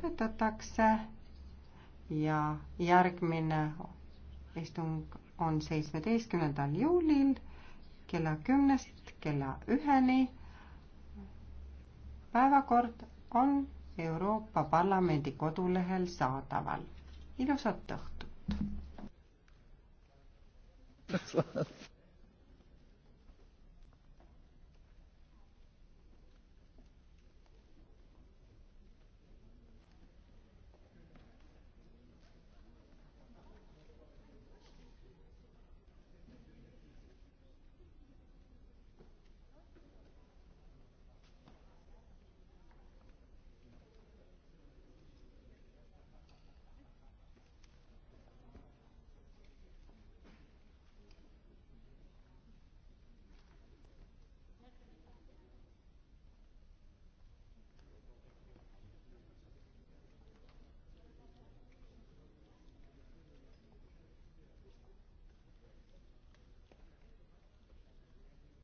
lõpetatakse ja järgmine istung on seitsmeteistkümnendal juulil kella kümnest kella üheni. päevakord on Euroopa Parlamendi kodulehel saadaval. ilusat õhtut!